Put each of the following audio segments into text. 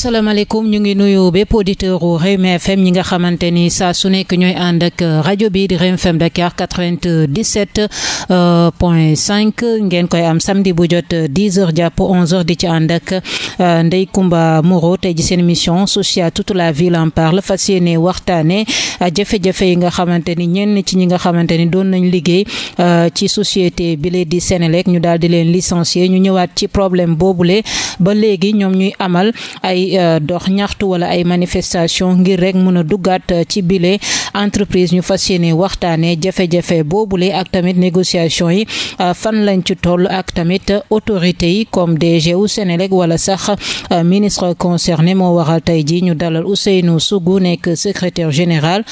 salaamaaleykum ñu ngi nuyu bépp auditeur u Rewmi FM ñi nga xamante ni saa su nekk ñooy ànd ak rajo bi di Rewmi FM Dakar quatre-vingt-dix-sept euh, point cinq ngeen koy am samedi bu jot euh, dix heures jàpp onze heures di ci ànd ak euh, Ndeye Comba Moreau tey ji seen émission sociale toute la ville en parle fas yéene waxtaane jafe-jafe yi nga xamante ni ñenn ci ñi nga xamante ni doon nañu liggéey ci société bi lee di Senelec ñu daal di leen licencier ñu ñëwaat ci problème boobu boobule ba léegi ñoom ñuy amal ay euh, dox ñaxtu wala ay manifestation ngir rek mën a duggaat euh, ci bile entreprise ñu fas yéene waxtaanee jafe boobu boobule ak tamit négociation yi euh, fan lañ ci toll ak tamit autorités yi comme DG wu Senelec wala sax ministre concerné moo waral tey ji ñu dalal Ousseynou Sougou nekk secretaire général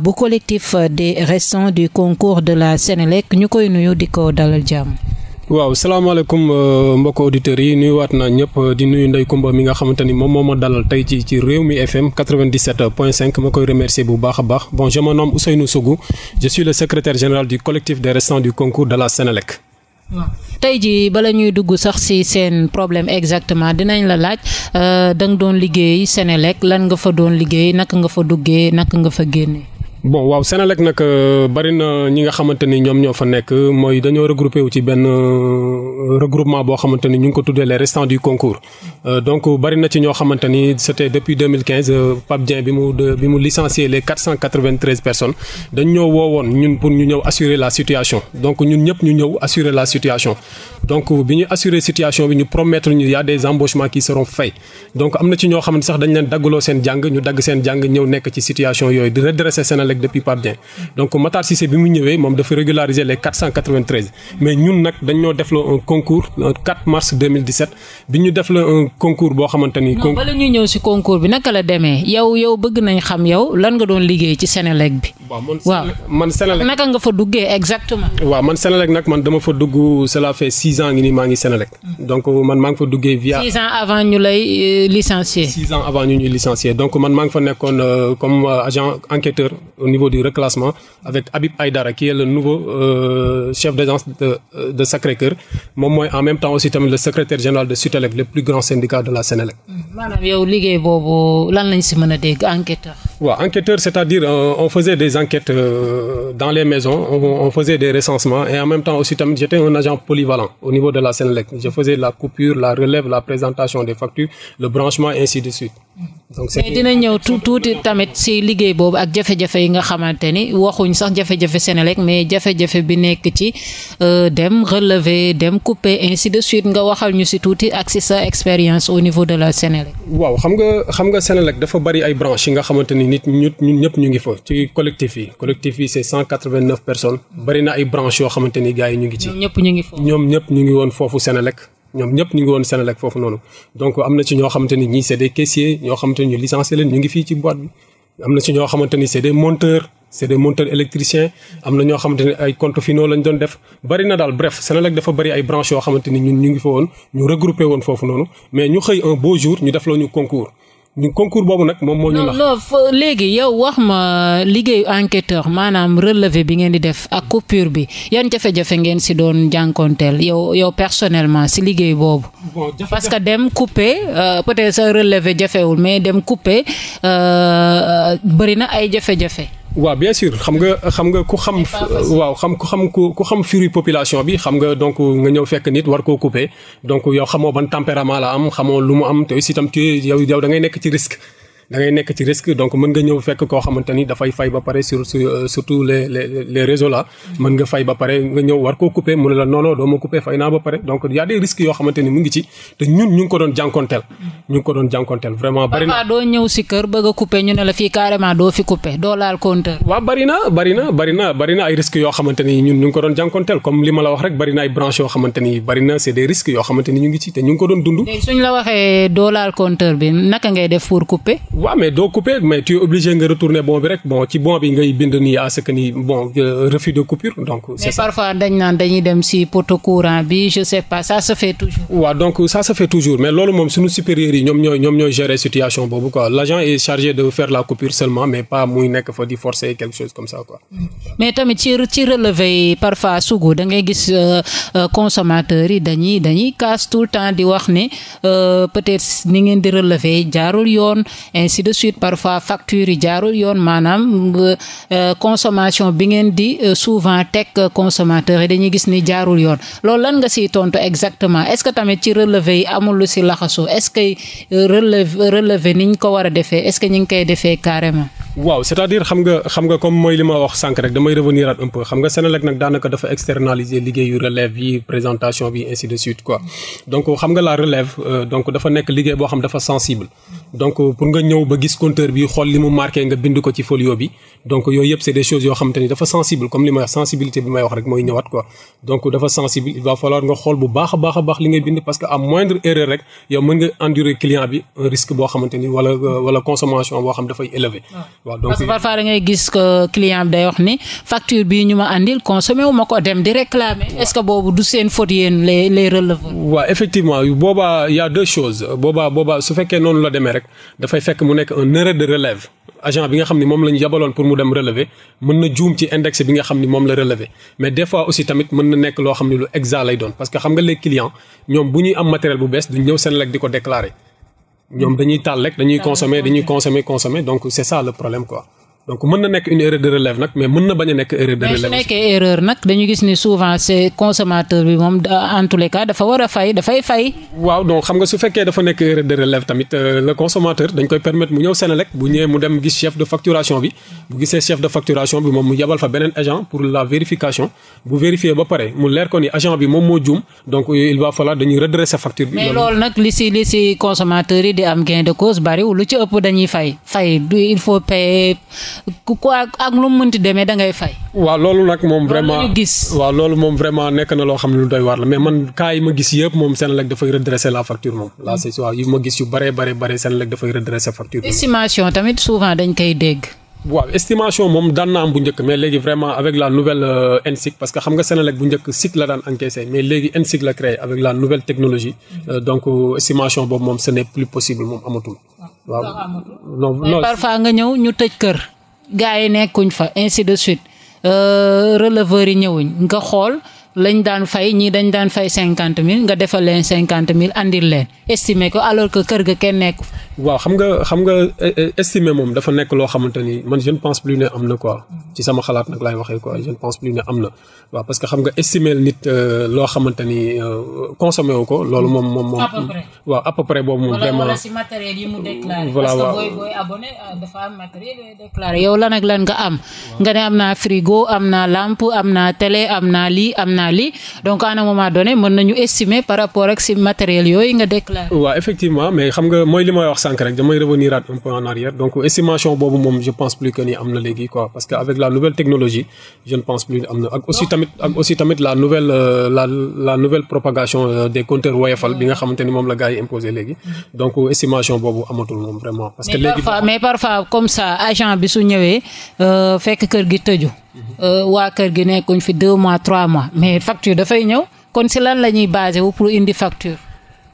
bu collectif de restants du concours de la Senelec ñu koy nuyu di ko dalal jàmm waaw salaamaaleykum euh, mbokk auditeurs yi waat naa ñëpp euh, di nuyu ndey Comba mi nga xamante ni moom ma dalal tey ci ci Rewmi FM 97.5 ma koy remercier bu baax a baax bon je me nu Ousseynou Sougou je suis le secrétaire général du collectif des restants du concours de la Sénélec. waaw tey jii bala ñuy dugg sax ci seen problème exactement dinañ la laaj euh, da nga doon liggéey Sénélec lan nga fa doon liggéey naka nga fa duggee naka nga fa génnee. bon waaw Senelec nag euh, bari na ñi nga xamante ni ñoom ñoo fa nekk mooy dañoo regroupé wu ci benn euh, regroupement boo xamante ni ñu ngi ko tuddee les restants du concours euh, donc bari na ci ñoo xamante ni c'était depuis 2015 Pape Dieng bi mu bi mu licencié les 493 personnes dañ ñoo woowoon ñun pour ñu ñëw assurer la situation donc ñun ñëpp ñu ñëw assurer la situation donc bi ñu assurer situation bi ñu promettre ñu des embauchements qui seront faits ci ñoo xamante sax dañ leen daggaloo seen jàng ñu dagg seen jàng ñëw nekk ci situation yooyu di redresser collègues depuis Pape Dieng donc Matar bi mu ñëwee moom dafa régulariser les 493 mais ñun nag dañ ñoo defloo un concours le 4 mars 2017 bi ñu defloo un concours boo xamante ni. non bala ñuy ñëw si concours bi naka la demee yow yow bëgg nañ xam yow lan nga doon liggéey ci Senelec bi. waaw man Senelec nak nga fa duggee exactement. waaw man Senelec nag man dama fa dugg cela fait 6 ans ngi nii maa ngi Senelec donc man maa ngi fa duggee via. 6 ans avant ñu lay euh, licencier. 6 ans avant donc man maa ngi fa nekkoon euh, comme euh, agent enquêteur. au niveau du reclassement avec Habib Aïdara qui est le nouveau euh, chef d'agence de, euh, de Sacré-Cœur moom mooy en même temps aussi tamit le secrétaire général de Sutelec le plus grand syndicat de la Sénélec. maanaam yow liggéey boobu lan lañ si a dégg enquêteur. waaw enquêteur c'est-à-dire euh, on faisait des enquêtes dans les maisons on, on faisait des recensements et en même temps aussi tamit j'étais un agent polyvalent au niveau de la Sénélec je faisais la coupure la relève la présentation des factures le branchement ainsi de donc mais dina ñëw tuuti tamit si liggéey boobu ak jafe-jafe yi nga xamante ni waxuñ sax jafe-jafe Senelec mais jafe-jafe bi nekk ci euh, dem relever dem couper ainsi de suite nga waxal ñu si tuuti ak si sa expérience au niveau de la Senelec. waaw xam nga xam nga Senelec dafa bari ay branches yi nga xamante ni nit ñu ñun ñëpp ñu ngi fa ci collectif yi collectif yi c'est cent quatre vingt bari na ay branches yoo xamante ni gars yi ñu ngi ci. ñoom ñëpp ñu ngi foofu ñoom ñëpp ñu ngi woon foofu Senelec. ñoom ñëpp ñu ngi woon Senelec foofu noonu donc am na ci ñoo xamante ni ñii c'est des caissiers ñoo xamante ni ñu licencié leen ñu ngi fii ci boîte bi am na ci ñoo xamante ni c'est des monteurs c'est am na ñoo xamante ay compte finaux lañ doon def bari na daal bref Senelec dafa bari ay branches yoo xamante ni ñun ñu ngi fa woon ñu regroupé woon foofu noonu mais ñu xëy un beau jour ñu def la ñu concours concours boobu nag moom moo ñu. non non léegi yow wax ma liggéeyu enquêteur maanaam relevé bi ngeen di def ak coupure bi yan jafe-jafe ngeen si doon jànkonteel yow yow personnellement si liggéey boobu. parce que dem coupé euh, peut-être sa relevé jafewul mais dem coupé euh, euh, bëri na ay jafe-jafe. waaw bien sûr xam nga xam nga ku xam. waaw xam ku xam ku xam furie population bi xam nga donc nga ñëw fekk nit war koo couper donc yow xamoo ban tempérament la am xamoo lu mu am te aussi itam yow yow da ngay nekk ci risque. da ngay nekk ci risque donc mën nga ñëw fekk koo xamante dafay fay ba pare euh, surtout les les les mën nga fay ba pare nga ñëw war koo couper mu ne la non non doo fay naa ba pare donc y a des yoo xamante ni ngi ci te ñu ngi ko doon jànkonteel. te suñ la waxee doo laal bi naka ngay def pour couper waaw mais doo couper mais tu es obligé nga retourner bon bi rek bon ci bon bi ngay bind nii à ce que ni euh, de coupure donc. c'est parfois dañ naan dañuy dem si poteau courant bi je sais pas toujours. waaw donc ça se toujours mais loolu moom suñu supérieurs yi ñoom ñooy ñoom situation boobu quoi l'agent est chargé de faire la coupure seulement mais pas muy nekk fa di forcer quelque chose comme ça quoi. Mm. mais tamit ci ci parfois sugu da gis euh, euh, consommateurs yi dañuy ainsi de suite parfois factures yi jaarul yoon maanaam euh, consommation bi ngeen di euh, souvent teg euh, consommateurs yi dañuy gis ni jaarul yoon loolu lan nga siy tontu exactement est-ce que tamit ci relevé yi amul lu si laxasu est-ce que relevé relevé niñ ko war a defee est-ce que ñu ngi koy defee carrément waaw c'est-à-dire xam nga xam nga comme mooy li ma wax sànq rek damay revenir at un peu xam nga Senelec nag daanaka dafa externaliser liggéeyu relève yi présentation bi ainsi suite quoi donc xam nga la relève euh, donc dafa nekk liggéey boo xam dafa sensible donc euh, pour nga ñëw ba gis bi xool li mu marqué nga bind ko ci folio bi donc yooyu yëpp c'est des choses yoo xam te ni dafa sensible comme li may wax sensibilité bi may wax rek mooy ñëwaat quoi donc dafa sensible il va falloir nga xool bu baax baax a baax li ngay bind parce que à moindre erreur rek yow mën bi un boo xamante ni wala euh, wala consommation boo xam dafay élevé waaw donc parce que parfois ngay gis que client bi day wax ni facture bii ñu ma àndil consommé wu ko dem di réclamer. est ce que boobu du seen faute yéen les les waa waaw effectivement boobaa yaa a deux choses boobaa boobaa su fekkee noonu la demee rek dafay fekk mu nekk un erreur de relève. agent bi nga xam ni moom la ñu yabaloon pour mu dem relever mën na juum ci index bi nga xam ni moom la relever mais des fois aussi tamit mën na nekk loo xam ni lu exa lay doon parce que xam nga les clients ñoom bu ñuy am matériel bu bees duñ ñëw Senelec di ko déclarer. ñoom dañuy taal rek dañuy consommer dañuy consommer consommer donc c'est ça le problème quoi donc mën na nekk une erreur de relève nag mais mën na bañ a nekk erreur de relève. nag dañu gis ni souvent c'est consommateur bi moom en a fay dafay fay. waaw donc xam nga su fekkee dafa nekk erreur de relève tamit euh, le dañ koy permettre mu ñëw Senelec bu ñëwee mu dem gis chef de facturation bi bu gisee chef de facturation bi moom mu yabal fa beneen agent pour la vérification bu vérifier ba pare mu leer ko ni agent bi moom moo juum donc il va falloir dañuy redresser facture bi. mais loolu nag li si li si consommateur yi di am gain de cause bariwul lu ci ëpp ku ak lu mu mënti demee da ngay fay. waaw loolu nag moom vraiment loolu gis. waaw loolu moom vraiment nekk na loo xam ne lu doy waar la mais man cas yi ma gis yëpp moom Senelec dafay redresser la facture moom. la c'est waaw yi mais léegi vraiment avec la euh, la daan avec la nouvelle technologie euh, donc euh, estimation boobu moom ce plus possible moom amatul. Ah, waaw non nga ñëw ñu tëj kër. gars yi nekkuñ fa ainsi de suite euh, releveurs yi ñëwuñ nga xool lañ daan fay ñii dañ daan fay cinquante mille nga defal leen cinquante mille andil leen estimer ko alors que kër ga kenn nekku waaw xam nga xam nga e, e, estimer moom dafa nekk loo xamante ni man je ne pense plus ne am na quoi waaw parce que xam nga estimer nit euh, loo xamante ni euh, ko loolu moom moom moom. waaw à peu près boobu moom. vraiment wala si matériel yi mu euh, déclaré. yow lan ak lan nga am. nga ne am naa frigo am naa lampe am naa télé am naa lii am naa naa lii donc à donc estimation boobu moom je pense plus que ni am na léegi quoi parce que avec la nouvelle technologie je ne pense plus am na ak aussi tamit euh, la nouvelle propagation euh, des compteurs woyofal bi nga xamante moom la gars yi imposé léegi donc estimation boobu amatul moom parce que léegi mais parfois comme ça agent bi su ñëwee euh, fekk kër gi tëju. Euh, waa kër gi nekkuñ fi deux mois trois mois mais facture dafay ñëw kon si lan la ñuy basé wu pour indi facture.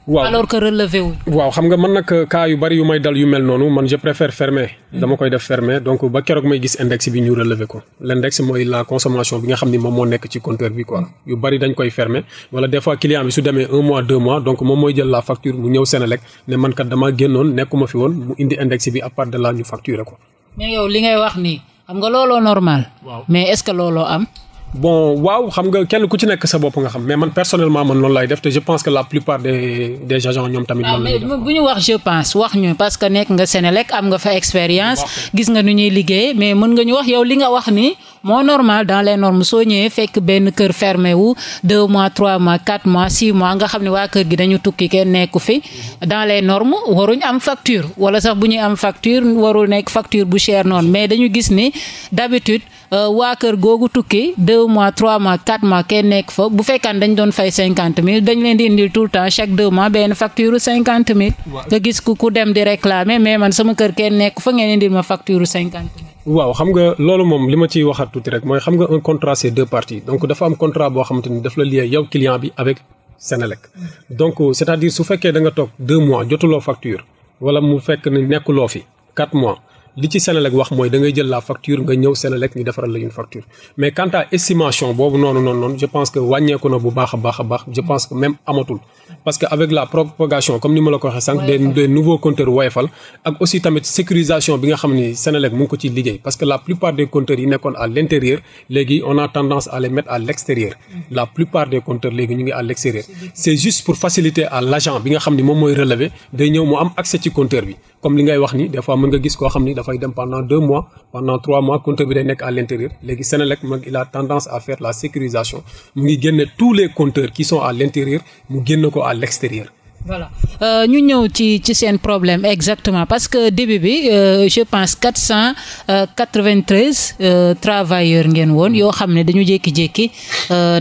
waaw alors que relevé wu. waaw xam nga man nag euh, cas yu bari yu may dal yu mel noonu man je préfère fermer. Hmm. dama koy def fermer donc ba keroog may gis index bi ñu relever ko l'index mooy la consommation bi nga xam ni moom moo nekk ci compteur bi quoi hmm. yu bari dañ koy fermer wala des fois bi su demee un mois deux mois donc moom mooy jël la facture mu ñëw Senelec ne man kat ma génnoon woon mu indi index bi à part de xam nga looloo normal. waaw mais est-ce que looloo am. bon waaw xam nga kenn ku ci nekk sa bopp nga xam mais man personnellement man loolu laay def te je pense que la plupart des des agents ñoom tamit. Ah, loolu la ñuy bu ñu wax je pense wax ñu parce que nekk nga Senelec am nga fa expérience. gis nga nu ñuy liggéey mais mën nga ñu wax yow li nga wax ni moo normal dans les norme soo ñëwee fekk benn kër fermé wu deux mois trois mois quatre mois six mois nga xam ne waa kër gi dañu tukki kenn nekku fi. dans les norme waruñ am facture wala sax bu ñuy am facture warul nekk facture bu cher noonu mais dañu gis ni d'habitude. Euh, waa kër googu tukki deux mois trois mois quatre mois kenn nekk fa bu fekkaan dañ doon fay cinquante mille dañ leen di indil tout le temps chaque deux mois benn facture cinquante nga gis ku ku dem di réclamer mais man sama kër kenn nekk fa ngeen indil ma facture cinquante mille waaw xam nga loolu moom li ma ciy waxaat tuuti rek mooy xam nga un contrat c'est deux parties donc dafa am contrat boo xamante ni daf la lié yow client bi avec Senelec donc cest à su fekkee da nga toog deux mois jotuloo facture wala mu fekk nekkuloo fi quatre mois li ci Senelec wax mooy da jël la facture nga ñëw Senelec ñu defaral la facture mais quant estimation boobu noonu noonu noonu je que wàññeeku na bu baax a baax a baax je pense que même amatul parce que avec la propagation comme ni ma la ko waxee sànq des des nouveaux woyofal ak aussi tamit sécurisation bi nga xam ni Senelec mu ngi ko ci liggéey parce que la plupart des compteurs yi nekkoon à l'intérieur léegi on a tendance à les mooy relever day bi comme li ngay wax ni des fois mën nga gis koo xam ni dafay dem pendant deux mois pendant trois mois compteur bi day nekk à l'intérieur léegi Senelec mag il tendance à faire la sécurisation mu ngi génne tous les compteurs qui sont à l'intérieur mu génn ko à l'extérieur voilà euh, ñu ñëw ci ci seen problème exactement parce que début bi euh, je pense quatre cent euh, quatre-vingt-treize euh, ngeen woon yoo xam ne dañu jékki-jékki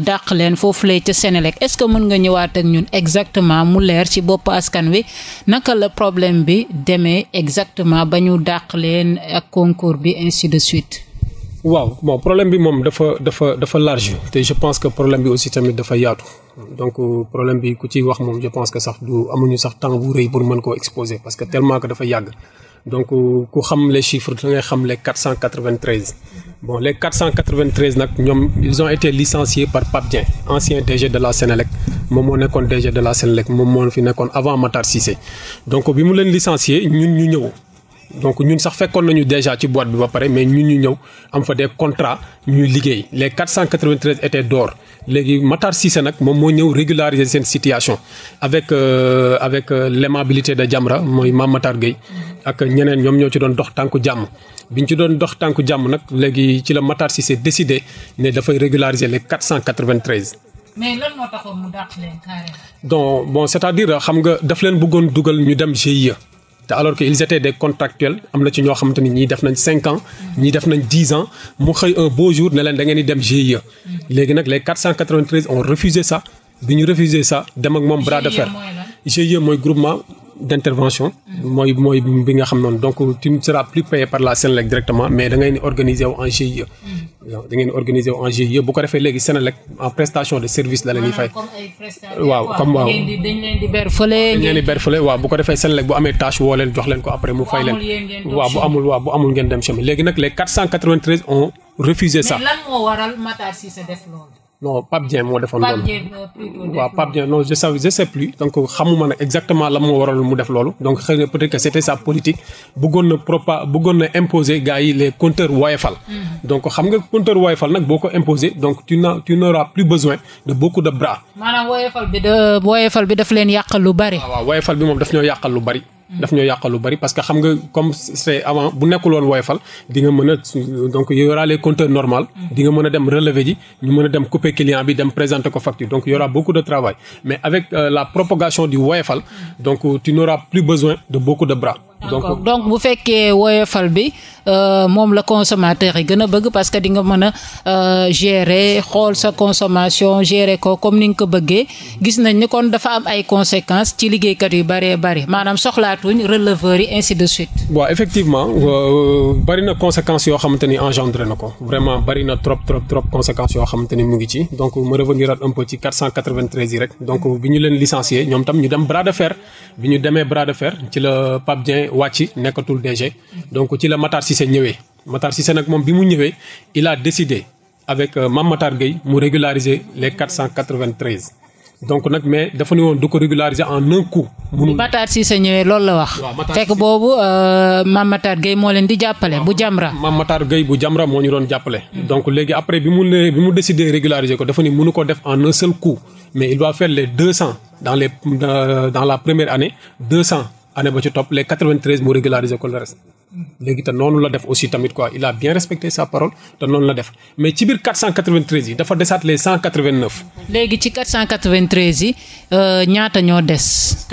dàq leen foofu lay ca Senelec est-ce que mën nga ñëwaat ak ñun exactement mu leer ci bopp askan wi naka la problème bi demee exactement ba ñu dàq leen ak concours bi ainsi de suite. waaw bon bi moom dafa dafa dafa large te je pense que problème bi aussi tamit dafa yaatu. donc euh, problème bi ku ciy wax moom je pense que sax du amuñu sax temps bu rëy pour mën koo exposer parce que tellement que dafa yàgg donc euh, ku xam les chiffres da ngay xam les 493 bon les 493 nag ñoom ils ont été licenciés par Pape Dieng ancien DG de la Sénélec moom moo nekkoon DG de la Sénélec moom moo fi nekkoon avant Matar Cissé donc bi mu leen licencié ñu ñëw donc ñun sax fekkoon nañu déjà ci boîte bi ba pare mais ñun ñu ñëw am fa des contrats ñuy liggéey les 493 étaient d'or léegi Matar Cissé nag moom moo ñëw régulariser seen situation avec euh, avec euh, l'aimabilité de Jamra mooy Mame Matar ak ñeneen ñoom ñoo ci doon dox tànku jàmm bi ñu ci doon dox tànku jàmm nag léegi ci la Matar Cissé décidé ne dafay régulariser les 493. mais lan donc bon c'est-à-dire xam nga daf leen bëggoon dugal ñu dem GIE. te alors que ils étaient des contractuels am na ci ñoo xamante ni ñii def nañ cinq ans ñii def nañ dix ans mu xëy un beau jour ne leen da ngeen di e. léegi nag les 493 ont refusé bi ñu refusé ça dem ak moom bras de fer GIE e mooy groupement d' intervention. mooy mooy bi nga xam noonu donc tu ne plus payé par la Sénélec directement mais da ngay ni organiser wu en GIE. Mm. waaw da ngeen organiser wu en GIE bu ko defee léegi Sénélec en prestation de service la leen di fay. Ah, waaw comme waaw dañ leen di berfële. dañ leen bu ko defee Sénélec bu amee tâche woo leen jox leen ko après mu fay leen. waaw bu amul waaw bu amul ngeen dem chemin léegi nag les 493 ont refusé non Pape Dieng moo defoon loolu waaw Pape Dieng non je sais plus donc xamuma nag exactement la moo waral mu def loolu donc xëy na peut-être que sa politique bëggoon na propa bëggoon na imposer gars yi les compteurs woyofal mm. donc xam nga compteur woyofal nag boo ko imposer donc tu n'as tu n'auras plus besoin de beaucoup de bras maanaam woyofal bi de bi daf leen yàqal lu bari ah, waaw woyofal bi moom daf ñoo yàqal lu bari daf ñoo yàqal lu bari parce que xam nga comme c'est avant bu nekkul woon woyfal di nga mën a donc y aura les normal di nga mën a dem relever ji ñu mën a dem couper client bi dem présenter ko facture donc y aura beaucoup de travail mais avec euh, la propagation di woyefal donc tu n'auras plus besoin de beaucoup de bras donc donc bu fekkee woyofal bi euh, moom la consommateur yi gën a bëgg parce que di nga mën a euh, gérer xool sa consommation gérer ko comme ni nga ko bëggee gis nañ ni kon dafa am ay conséquence ci liggéeykat yu bëree bëri maanaam soxlaatuñ releveurs yi ainsi de suite. waaw effectivement euh, bëri na conséquences yoo xamante ni engendré na ko vraiment bëri na trop trop trop conséquences yoo xamante ni mu ngi ci donc ma revenir un peu ci yi rek donc bi ñu leen licencié ñoom tam ñu dem bras de fer de wàcc nekkatul DG donc ci la Matar Cissé ñëwee Matar Cissé nag moom bi mu ñëwee il a décidé avec euh, Mame Matar Gueye mu régulariser les 493 donc nag mais dafa ne woon du ko régulariser en un coup. mënul Matar Cissé ñëwee loolu la wax. fekk boobu euh, Mame Matar Gueye moo leen di jàppale bu Jamra. Mame Matar Gueye bu Jamra moo ñu doon jàppale. donc léegi après bi mu nee bi mu décidé régulariser ko dafa ni mënu ko def en un seul coup mais il doit faire les dans les dans la première année 200. année ba ci topp les 93 mu régularisé ko le reste léegi te noonu la def aussi tamit quoi il a bien respecté sa parole te noonu la def mais ci biir 493 yi dafa desaat les 189. léegi ci 493 yi euh, ñaata ñoo des.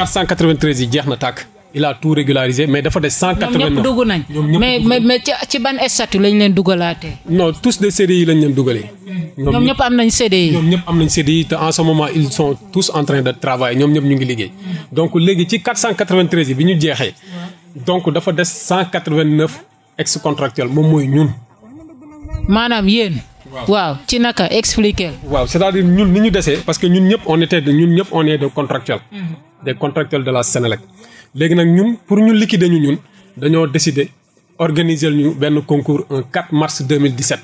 493 yi jeex na tàkk. il a tout régularisé mais dafa des cent quatre vingt neuf ñoom ñëpp dugg nañ. mais mais mais ci ban statut lañ leen dugalaatee. non tous des CDI lañ de travailler ñoom ñëpp ñu ngi liggéey. donc léegi ci quatre cent quatre vingt treize yi bi ñu jeexee. donc dafa des ex contractuels moom mooy ñun. maanaam yéen. waaw ci naka expliquer waaw cest dire ñun ni ñu desee parce que ñun ñëpp on était de ñun ñëpp on est de contractuels. Mm-hmm. des contractuels de la Sénélec. léegi nag ñun pour ñu liquider ñu ñun dañoo décider organiser ñu benn concours un 4 mars 2017.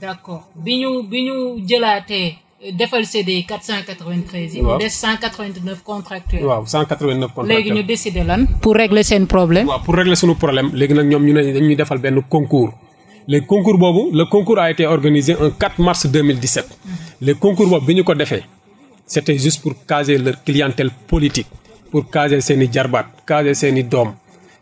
d'accord bi ñu bi ñu jëlaatee defal CD 493 yi. waaw mu des 189 contractuels. waaw 189 contractuels léegi ñu décider lan. pour régler seen problème. waaw pour régler suñu problème léegi nag ñoom ñu ne dañuy defal benn concours. les concours boobu le concours a été organisé un 4 mars 2017. Mhm. les concours boobu bi ñu ko defee. c'était juste pour caser leur clientèle politique. pour caser seen i jarbaat caser seen i doom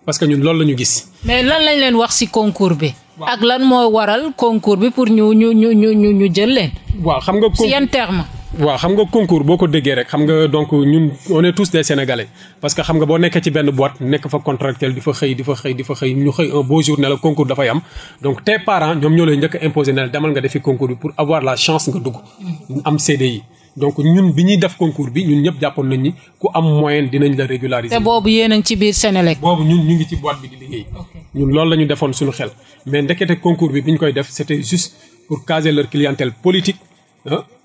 parce que ñun loolu la ñu gis. mais lan lañ leen wax ci concours bi. ak lan moo waral concours bi pour ñu ñu ñu ñu ñu jël leen. waa xam nga ci yan terme. waaw xam nga concours boo ko déggee rek xam nga donc ñun on est tous des sénégalais parce que xam nga boo nekkee ci benn boîte nekk fa contractuel di fa xëy di fa xëy di fa xëy ñu xëy un beau jour ne la concours dafay am donc tes parents ñoom ñoo lay njëkk a imposé ne demal nga defi concours bi pour avoir la chance nga dugg donc ñun bi ñuy def concours bi ñun ñëpp jàppoon nañ ni ku am moyenne dinañ la régulariser. te boobu yéen a ci biir Sénélec. boobu ñun ñu ngi ci boîte bi di liggéey. ñun loolu la ñu defoon suñu xel. mais ndekete concours bi bi ñu koy def c'était juste pour caser leur clientèle politique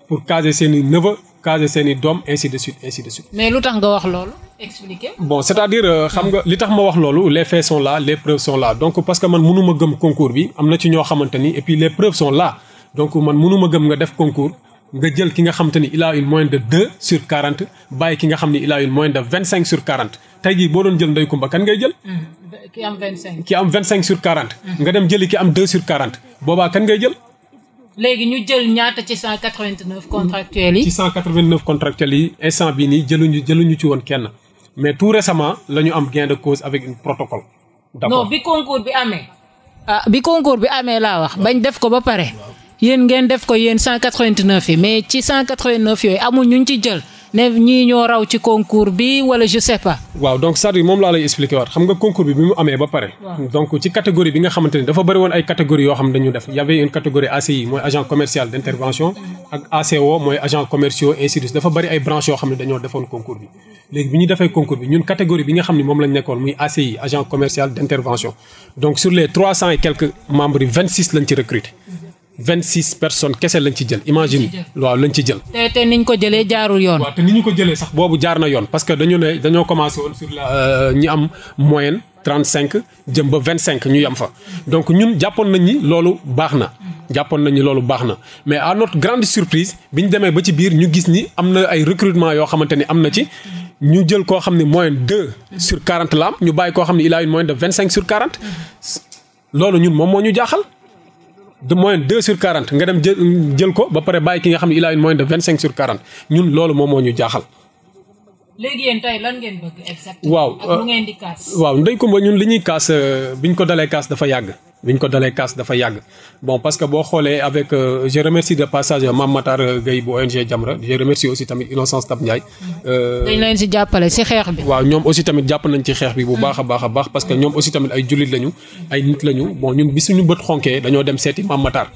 pour caser seeni i neveu seeni seen i doom ainsi de suite ainsi de suite. mais lu tax nga wax loolu. expliquer bon cest à euh, nga li tax ma wax loolu les faits sont là les preuves sont là donc parce que man mënuma gëm concours bi am na ci ñoo xamante ni et puis les preuves sont là man mënu gëm nga def concours. nga jël ki nga xam te ni il a une moyenne de deux sur quarante bàyyi ki nga xam ni il a une moyenne sur quarante tey jii boo doon jël ndey kumba kan ngay jël. Mm, ki am sur quarante. Mm. nga dem jëli ki am deux kan ngay jël. léegi ñu jël ñaata ci cent quatre vingt neuf contractuels yi. ci cent quatre vingt neuf contractuels yi ci woon kenn mais tout récemment la am gain de avec un protocole. d'accord bi concours bi amee. Ah, bi concours bi amee laa wax bañ def ko ba pare. yéen ngeen def ko yéen 189 yi mais ci 189 yooyu amul ñu ci jël ne ñii ñoo raw ci concours bi wala je sais pas. waaw donc c'est-à-dire moom laa lay expliquer waat xam nga concours bi mu amee ba pare. donc ci catégorie bi nga xamante ni dafa bëri woon ay catégories yoo xam dañu def y avait une catégorie ACI mooy agent commercial d'intervention ak ACO mooy agent commerciaux ainsi dafa bëri ay branches yoo xam ne dañoo defoon concours bi. léegi bi ñu defee concours bi ñun catégorie bi nga xam ne moom lañ nekkoon muy ACI agent commercial d'intervention donc sur et quelques membres yi vingt six lañ vingt six personnes kese lañ ci jël imagine waaw lañ ci jël. te te niñ ko jëlee jaarul yoon. waaw te ni ñu ko jëlee sax boobu jaar na yoon parce que dañu ne dañoo commencé woon euh, ñi am moyenne trente cinq jëm ba vingt cinq ñu yem fa. donc ñun jàppoon nañ ni loolu baax na. jàppoon nañ loolu baax na mais à notre grande surprise bi ñu demee ba ci biir ñu gis ni am na ay recrutement yoo xamante ni am na ci. ñu jël koo xam ne moyenne deux sur quarante la am ñu bàyyi koo xam ne il a une de vingt cinq sur quarante. loolu ñun moom moo ñu jaaxal. de moyenne deux sur quarante nga dem jël jël ko ba pare bàyyi ki nga xam ne il a une moyenne de vingt cinq sur quarante ñun loolu moom moo ñu jaaxal. léegi yéen lan ngeen waaw ak lu ngeen di euh, kaas. waaw ndey Kumba ñun li ñuy kaas euh, biñ ko dalee kaas dafa yàgg. ñu ko dalee kaas dafa yàgg bon parce que boo xoolee avec euh, je de passage Mame Matar Gueye bu ONG Jamra je remercie aussi tamit Innocence Tab Ndiaye. dañ leen si jàppale si xeex bi. waaw ñoom aussi tamit jàpp nañ ci xeex bi bu baax a baax a baax parce que ñoom aussi tamit ay jullit lañu ay nit lañu bon ñun bi suñu bët xonkee dañoo dem seeti Mame Matar.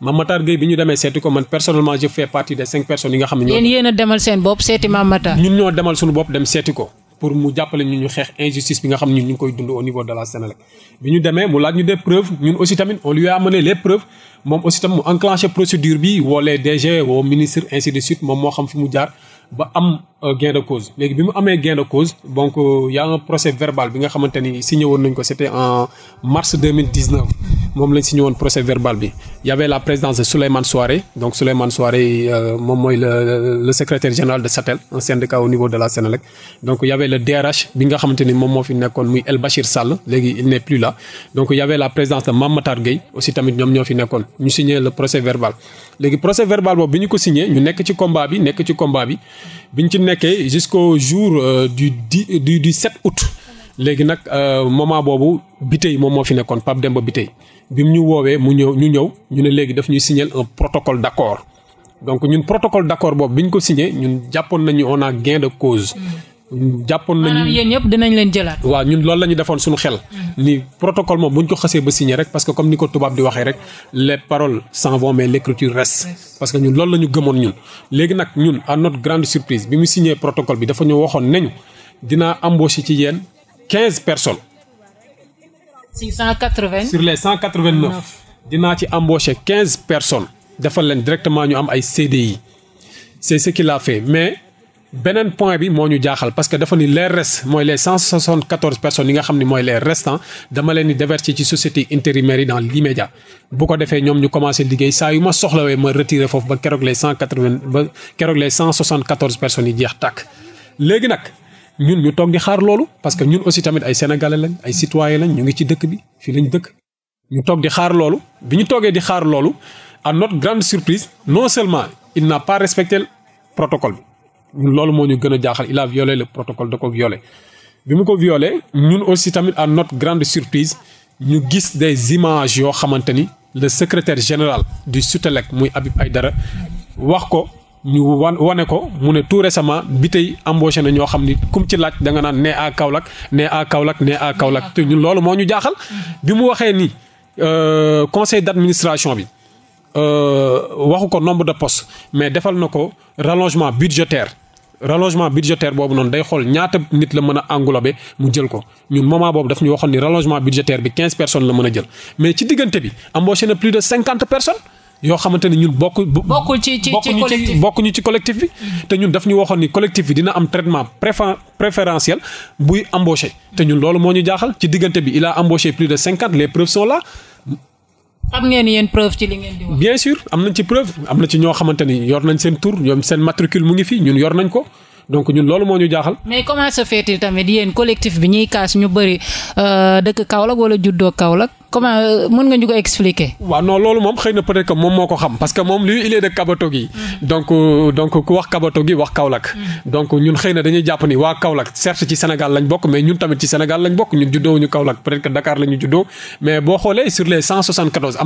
Mame Matar Gueye bi ñu demee seeti ko man personnellement je fais partie des cinq personnes yi nga xam ne. ñoo yéen a demal seen bopp seeti Mame ñun ñoo demal suñu bopp dem seeti ko pour mu jàppale ñu ñu xeex injustice bi nga xam ne ñu koy dund au niveau de la Sénélec bi ñu demee mu laaj ñu des preuves ñun aussi tamit on lui a amené les preuves moom aussi tamit mu enclenché procédure bi woo les DG woo ministre ainsi suite moom moo xam fi mu jaar. ba am euh, gain de cause léegi bi mu amee gain de cause donc euh, y a un procès verbal bi nga xamante ni signé woon nañ ko c'était en mars 2019 moom lañ signé woon procès verbal bi y avait la présidence de Souleymane Souaré donc Souleymane Souaré euh, moom mooy le le secrétaire général de SATEL un de la Sénélec donc y avait le nga xamante ni moom moo fi nekkoon muy El Bachir Sall léegi il n'est la présidence de Mamatar Gueye aussi tamit ñoom ñoo fi nekkoon ñu signé le procès verbal léegi procès verbal boobu bi ñu ko signé ñu nekk ci combat bi nekk ci combat bi biñ ci nekkee jusqu'au jour euh, du di du du 7 août. léegi nag euh, moment boobu Bitey moom moo fi nekkoon Pape Demba Bitey bi mu ñu woowee mu ñëw ñu ñëw ñu ne léegi daf ñuy signer un protocole d'accord donc ñun protocole d'accord boobu bi ñu ko signé ñun jàppoon nañu on a gain de cause. jàppoon nañu maanaam yéen ñëpp dinañ leen jëlaat. waaw ñun loolu la ñu defoon suñu xel. Hmm. ni protocole moom bu ñu ko xasee ba signé rek parce que comme ni ko tubaab di waxee rek les paroles s'en vont mais l'écriture reste. parce que ñun loolu lañu ñu gëmoon ñun. léegi nag ñun à notre grande surprise bi mu signé protocole bi dafa ñu waxoon nañu dinaa embauché ci yéen quinze personnes. ci cent quatre-vingt. les cent quatre-vingt-neuf. dinaa ci embauché quinze personnes. defal leen directement ñu am ay CDI. yi ce qu'il a fait mais. beneen point bi moo ñu jaaxal parce que dafa ni les restes mooy les cent soixante quatorze personnes yi nga xam ni mooy les restants dama leen di déverser ci société intérimaires yi dans l'immédiat bu ko defee ñoom ñu commencé liggéey saa yu ma soxlawee ma retirer foofu ba keroog les cent quatre vingt ba keroog les cent soixante quatorze personnes yi jeex tàkk léegi nag ñun ñu toog di xaar loolu parce que ñun aussi tamit ay sénégalais lañ ay citoyens lañ ñu ngi ci dëkk bi fii lañ dëkk ñu toog di xaar loolu bi ñu toogee di xaar loolu à notre grande surprise non seulement il n'a pas respecté bi ñun loolu moo ñu gën a jaaxal il a la le protocole da ko violé bi mu ko violé ñun aussi tamit à notre grande surprise ñu gis des images yoo xamante ni secretaire secrétaire général du Sutelec muy Habib Aïdara wax ko ñu wan wane ko mu ne tout récemment bi tey na ñoo xam ni kum ci laaj da nga naan nee à Kaolack nee à Kaolack nee à Kaolack te ñun loolu moo ñu jaaxal. bi mu waxee ni euh, conseil d'administration bi. Euh, waxu ko nombre de postes mais defal na ko rallongement budgétaire rallongement budgétaire boobu noonu day xool ñaata nit la mën a englober mu jël ko ñu moment boobu daf ñu waxoon ni rallongement budgétaire bi quinze personnes la mën a jël mais ci diggante bi embauché na plus de cinquante personnes yoo xamante ni ñun bokk. bokkul ci ci ci collectif bokkuñu ci collectif bi. te ñun daf ñu waxoon ni collectif bi dina am traitement préférentiel buy embauché. te ñun loolu moo ñu jaaxal ci diggante bi il a embauché plus de cinquante les preuves am ngeen yéen preuve ci li ngeen di bien sûr am nañ ci preuve am na ci ñoo xamante ni yor nañ seen tur ñoom seen matricule mu ngi fi ñun yor nañ ko donc ñun loolu moo ñu jaaxal. mais comment se tamit yéen collectif bi ñuy kaas ñu bëri euh, dëkk Kaolack wala juddoo Kaolack comment euh, mën nga ñu ko expliquer. waaw non loolu moom xëy na peut-être que moom moo ko xam parce que moom lui il est de Kabatogi. Mm-hmm. Euh, donc ku wax Kabatogi wax Kaolack. Mm-hmm. donc ñun na dañuy jàpp ni waa Kaolack certes ci Sénégal lañ bokk mais ñu Kaolack peut-être que Dakar la ñu juddoo am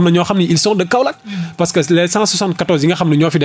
na ñoo xam ne ils sont de mm-hmm. yi nga xam ne ñoo xam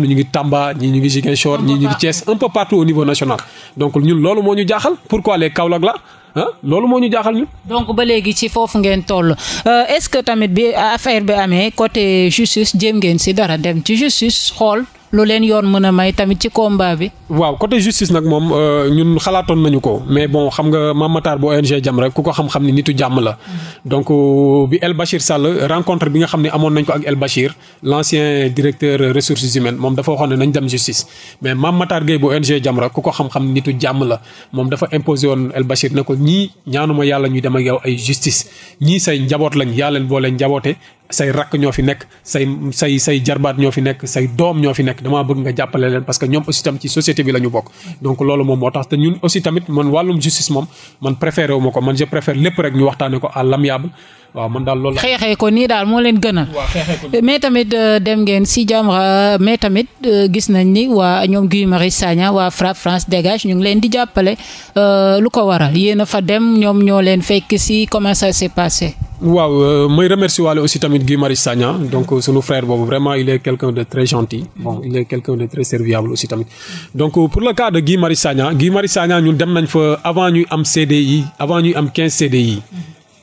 ne ñu ngi Tamba ñii ñu ngi Ziguinchor ñii ñu ngi Thiès un peu partout au niveau national donc ñun loolu moo ñu jaaxal pourquoi les Kaolack la ah loolu moo ñu jaaxal ñu. donc ba léegi ci foofu ngeen toll euh, est-ce que tamit bi affaire bi amee côté justice jéem ngeen si dara dem ci justice xool. lu leen yoon mën a may tamit ci combat bi. waaw côté justice nag moom euh, ñun xalaatoon nañu ko mais bon xam nga Mame Matar bu ONG rek ku ko xam-xam ni nitu jàmm la. Mm-hmm. donc euh, bi El Bachir Sall rencontre bi nga xam ne amoon nañ ko ak El Bachir l'ancien directeur ressources humaines moom dafa waxoon ne nañ dem justice. mais Mame Matar Gueye bu ONG jàmm rek ko xam-xam nitu jàmm la moom dafa imposé woon El Bachir ne ko ñii ñaanuma yàlla ñuy dem ak yow ay justice ñii say njaboot lañ yaa boole boo njaboote say rakk ñoo fi nekk say say say jarbaat ñoo fi nekk say doom ñoo fi nekk damaa bëgg nga jàppale leen parce que ñoom aussi tam ci société bi la ñu bokk donc loolu moom moo tax te ñun aussi tamit man wàllum justice moom man préféré wu ma ko man je préfère lépp rek ñu waxtaane ko à l'amiable waaw man daal loolu xeexee ko nii daal moo leen gënal. mais tamit euh, dem ngeen si Jamra mais tamit euh, gis nañ ni waa ñoom Guy Marius Sagna waa FRAPP France Dégage ñu ngi leen di jàppale euh, lu ko waral yéen a fa dem ñoom ñoo leen fekk si comment ça s'est passé. waaw may remercier waale aussi tamit Guy Marius Sagna donc sunu frère boobu vraiment il est quelqu'un de très gentil bon il est quelqu'un de très serviable aussi tamit donc pour le cas de Guy Marius Sagna Guy ñu Sagna dem nañ fa avant ñuy am CDI avant ñuy am 15 CDI.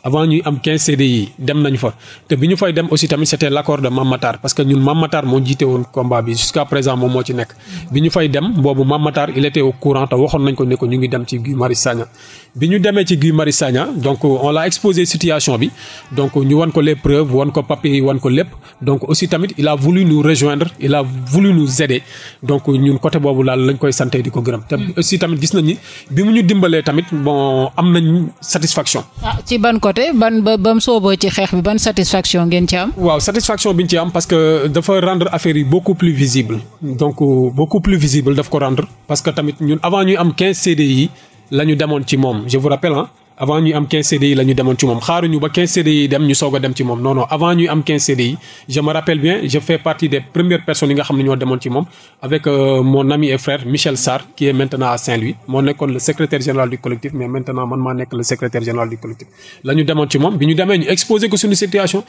avant ñuy am 15 CDI dem nañ fa te bi ñu fay dem aussi tamit c' était l' accord de Mamatar parce que ñun Mamatar moo jiite woon combat bi jusqu' à présent moom moo ci nekk. bi ñu fay dem boobu Mamatar il était au te waxoon nañ ko ne ko ñu ngi dem ci Guy Marius Sagna bi ñu demee ci Guy Marius Sagna donc on l'a exposé situation bi donc ñu wan ko les preuves wan ko papier wan ko lépp donc aussi tamit il a nu nous rejoindre il a voulu nous aider donc ñun côté boobu laal lañu koy santé di ko gërëm. te aussi tamit gis nañ bi mu ñu dimbalee tamit bon am nañ satisfaction. ah ci ban côté ban ba ba sooboo ci xeex mi ban satisfaction ngeen ci am. waaw satisfaction bi ñu ci am parce que dafa rendre affaire yi beaucoup plus visible donc beaucoup plus visible ko rendre parce que tamit ñun avant ñuy am 15 CDI. la ñu demoon ci moom je vous rappelle avant ñuy am 15 CDI la ñu demoon ci moom xaaruñu ba 15 CDI dem ñu soog dem ci moom non non ñuy am 15 CDI je me rappelle bien je fais partie des premières personnes nga xam ne ñoo demoon ci moom avec euh, mon ami et frère Michel Sarr qui est maintenant Saint-Louis moo nekkoon le secrétaire général du collectif mais maintenant man maa nekk le secrétaire général du collectif la demoon ci moom bi ñu demee ñu exposé ko suñu situation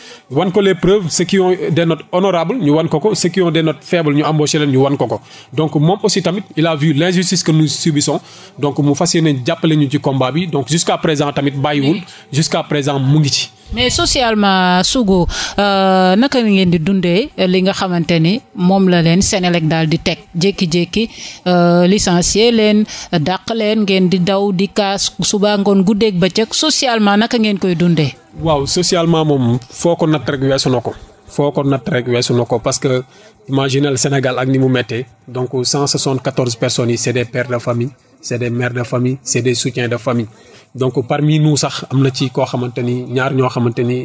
président tamit bàyyiwul jusqu'à présent mu ngi ci. mais socialement Sougou euh, naka ngeen di dundee li nga xamante ni moom la leen Senelec daal di teg jékki-jékki euh, licencié leen dàq leen ngeen di daw di kaas suba ngoon guddeeg bëccëg socialement naka ngeen koy dundee. waaw socialement moom foo ko natt rek weesu na ko. parce que imaginez Sénégal ak ni mu méttee donc personnes yi c'est des de famille c'est des de famille c'est des de famille. donc parmi nous sax am na ci koo xamante ni ñaar ñoo xamante ni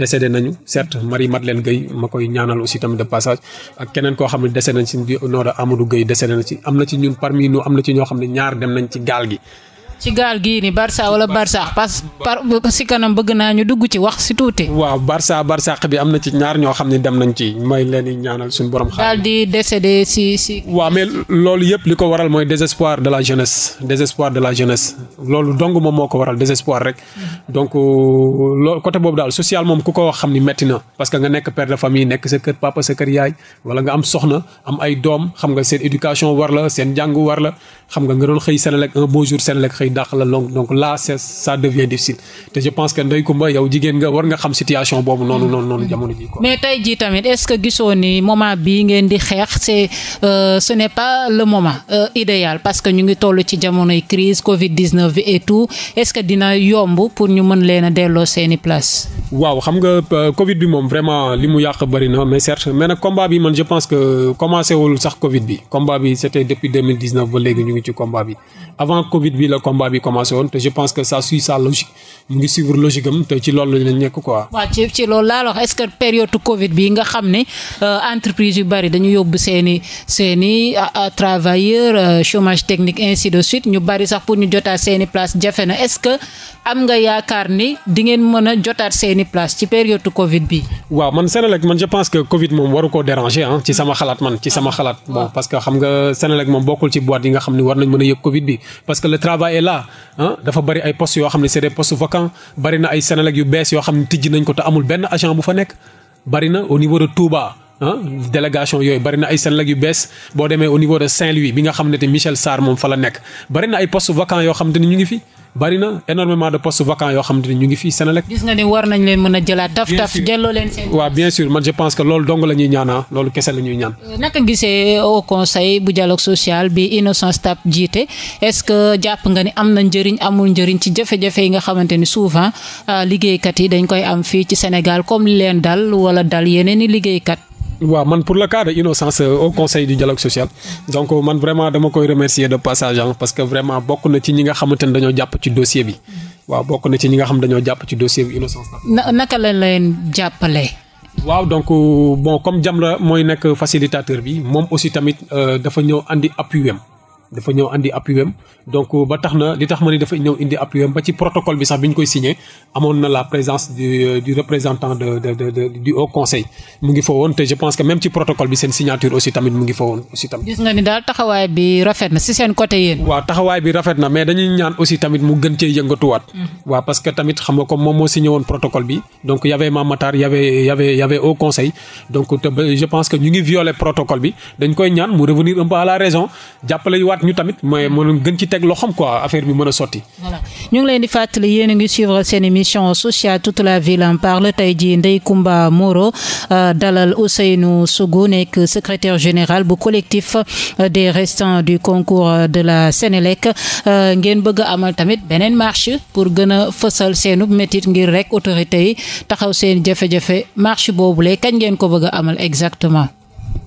décédé nañu certes Marie leen Gueye ma koy ñaanal aussi tamit de passage ak keneen koo xam ne décédé nañ ci bi noo Amadou Gueye décédé na ci am na ci ñun parmi nous am na ci ñoo xam ne ñaar dem nañ ci gaal gi ci gaal gii ni Barça wala Barça parce que si kanam bëgg naa ñu dugg ci wax si tuuti. waaw Barça Barça bi am na ci ñaar ñoo xam ne dem nañ ci may leen di ñaanal suñu borom. xaalis daal di si si. li ko waral mooy désespoir de de la jeunesse loolu dong moom ko waral désespoir rek. donc euh, loolu côté boobu daal social moom ku ko wax xam ni metti na. parce que nga nekk père famille nekk sa kër papa sa kër yaay wala nga am soxna am ay doom xam nga seen éducation war seen jàng war xam nga nga doon xëy Senelec un beau jour Senelec xëy dàq la donc donc là c'est ça devient difficile te je pense que Ndeye Comba yow jigéen nga war nga xam situation boobu noonu noonu noonu jamono ji quoi. mais tey jii ngeen di xeex c'est euh, ce n'est pas le moment euh, idéal parce que ñu ngi toll ci jamonoy crise Covid 19 bi tout est-ce que dina yomb pour ñu mën leen a delloo seeni place. waaw xam nga euh, Covid bi moom vraiment li mu yàq bari na mais certes mais nag combat bi man je pense que commencé wul sax Covid bi combat bi c'était depuis 2019 ba léegi ñu ngi ci combat bi avant Covid bi la. combat bi commencé woon te je pense que ça suit sa logique mu ngi suivre logique am te ci loolu lañ nekk est-ce que période Covid bi nga xam ne euh, entreprise yu bari dañu yóbbu seen i seen i euh, euh, travailleurs chômage technique ainsi de suite ñu bari sax pour ñu jotaat seen i place jafe na est-ce que am nga yaakaar ni di ngeen mën a jotaat seeni i place ci période Covid bi. waaw man Senelec man je pense que Covid moom waru ko déranger ah ci sama xalaat man ah. xalaat bon parce que xam nga Senelec moom bokkul ci boîte yi nga xam ni war nañ mën a yëg Covid bi parce que le travail là dafa bari ay postes yoo xam ne c'est post postes vacants bari na ay Senelec yu bees yoo xam ne tijji nañ ko te amul benn agent bu fa nekk bari na au niveau de Touba. ah yooyu bari na ay Senelec yu bees boo demee au niveau de Saint-Louis bi nga xam ne te Michel Sarr moom fa la nekk bari na ay post vacants yoo xam te ni ñu ngi fi. bari na énormément de postes vacants yoo xam ne ñu ngi fii Sénélec. gis nga ni war nañ leen mën a jëlaat. taf taf delloo leen seen. waaw bien sûr man je pense que loolu dong la ñuy ñaanaa ah. loolu kese la ñuy ñaan. Euh, naka gisee au conseil bu dialogue social bi Innocence Ntap jiite est-ce que jàpp nga ni am na njëriñ amul njëriñ ci jafe-jafe yi nga xamante ni souvent euh, liggéeykat yi dañ koy am fii ci Sénégal comme li leen dal wala dal yeneen i liggéeykat. waaw man pour le cas de Innocence euh, au conseil du dialogue social donc euh, man vraiment dama koy remercier de passage parce que vraiment bokk na ci ñi nga xamante ne dañoo jàpp ci dossier bi waaw bokk na ci ñi xam dañoo jàpp ci dossier bi Innocence. na naka la leen jàppale. waaw donc euh, bon comme Jamra mooy nekk facilitateur bi moom aussi tamit dafa ñëw andi appui dafa ñëw andi appui donc euh, ba tax na li tax ma ne dafa ñëw indi appui ba ci protocole bi sax bi ñu koy signé amoon na la présence du euh, représentant du haut conseil mu ngi fa woon te je pense que mm-hmm. moom moo signé woon protocole bi donc y avait Mame Matar y conseil donc te je pense que ñu ngi violé protocole bi dañ koy ñaan mu revenir un peu la raison jàppale waat ñu tamit mooy mu gën ci teg loxoom quoi bi mën a sotti. voilà ñu ngi leen di fàttali yéen a ngi suivre seen émission sociale toute la ville en parle tey jii Ndeye Comba Moreau dalal Ousseynou Sougou nekk secretaire général bu collectif euh, de restants du concours euh, de la Sénélec euh, ngeen bëgg amal tamit beneen marche pour gën a fësal seenu métit ngir rek autorité yi taxaw seen jafe-jafe marche boobule kañ ngeen ko bëgg a amal exactement.